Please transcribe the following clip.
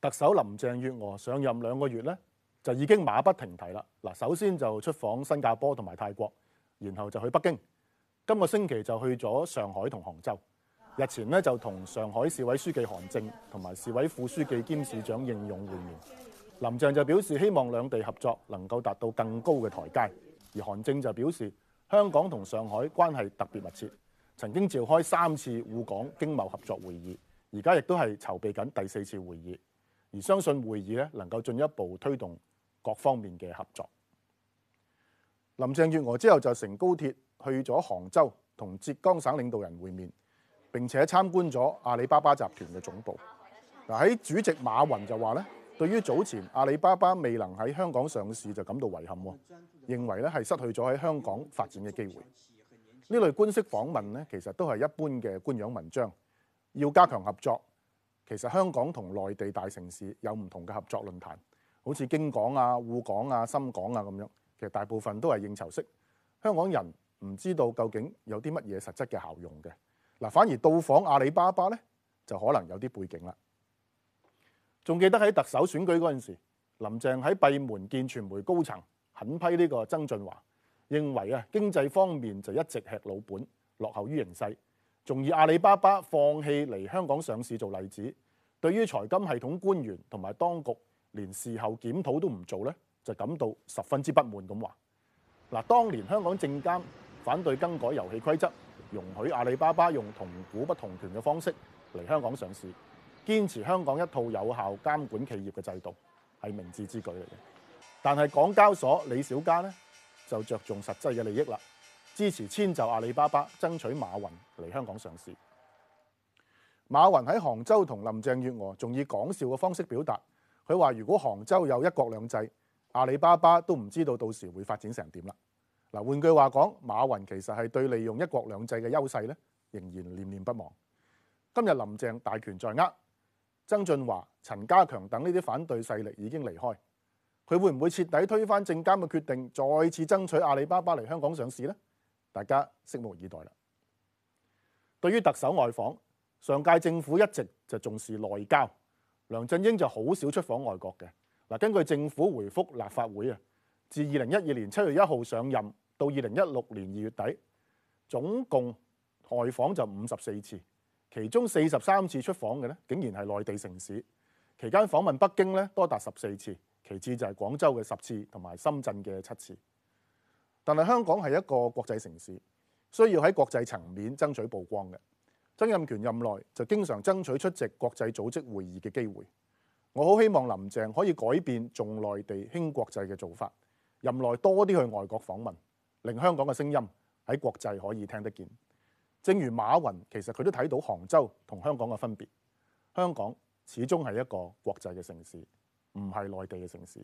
特首林鄭月娥上任兩個月咧，就已經馬不停蹄啦。嗱，首先就出訪新加坡同埋泰國，然後就去北京，今個星期就去咗上海同杭州，日前呢，就同上海市委書記韓正同埋市委副書記兼市長應勇會面。林鄭就表示希望兩地合作能夠達到更高嘅台階。而韓正就表示香港同上海關係特別密切，曾經召開三次滬港經貿合作會議，而家亦都係籌備緊第四次會議。而相信會議咧能夠進一步推動各方面嘅合作。林鄭月娥之後就乘高鐵去咗杭州同浙江省領導人會面，並且參觀咗阿里巴巴集團嘅總部。嗱，喺主席馬雲就話咧，對於早前阿里巴巴未能喺香港上市就感到遺憾，認為咧係失去咗喺香港發展嘅機會。呢類官式訪問咧，其實都係一般嘅官樣文章，要加強合作。其實香港同內地大城市有唔同嘅合作論壇，好似京港啊、滬港啊、深港啊咁樣。其實大部分都係應酬式，香港人唔知道究竟有啲乜嘢實質嘅效用嘅。嗱，反而到訪阿里巴巴呢，就可能有啲背景啦。仲記得喺特首選舉嗰陣時，林鄭喺閉門見傳媒高層，狠批呢個曾俊華，認為啊經濟方面就一直吃老本，落後於形勢。仲以阿里巴巴放棄嚟香港上市做例子，對於財金系統官員同埋當局連事後檢討都唔做咧，就感到十分之不滿咁話。嗱，當年香港證監反對更改遊戲規則，容許阿里巴巴用同股不同權嘅方式嚟香港上市，堅持香港一套有效監管企業嘅制度係明智之舉嚟嘅。但係港交所李小加咧，就着重實際嘅利益啦。支持遷就阿里巴巴，爭取馬雲嚟香港上市。馬雲喺杭州同林鄭月娥仲以講笑嘅方式表達，佢話如果杭州有一國兩制，阿里巴巴都唔知道到時會發展成點啦。嗱，換句話講，馬雲其實係對利用一國兩制嘅優勢呢，仍然念念不忘。今日林鄭大權在握，曾俊華、陳家強等呢啲反對勢力已經離開，佢會唔會徹底推翻證監嘅決定，再次爭取阿里巴巴嚟香港上市呢？大家拭目以待啦。對於特首外訪，上屆政府一直就重視內交，梁振英就好少出訪外國嘅。嗱，根據政府回覆立法會啊，自二零一二年七月一號上任到二零一六年二月底，總共外訪就五十四次，其中四十三次出訪嘅竟然係內地城市。期間訪問北京咧多達十四次，其次就係廣州嘅十次，同埋深圳嘅七次。但係香港係一個國際城市，需要喺國際層面爭取曝光嘅。曾蔭權任內就經常爭取出席國際組織會議嘅機會。我好希望林鄭可以改變重內地輕國際嘅做法，任內多啲去外國訪問，令香港嘅聲音喺國際可以聽得見。正如馬雲，其實佢都睇到杭州同香港嘅分別。香港始終係一個國際嘅城市，唔係內地嘅城市。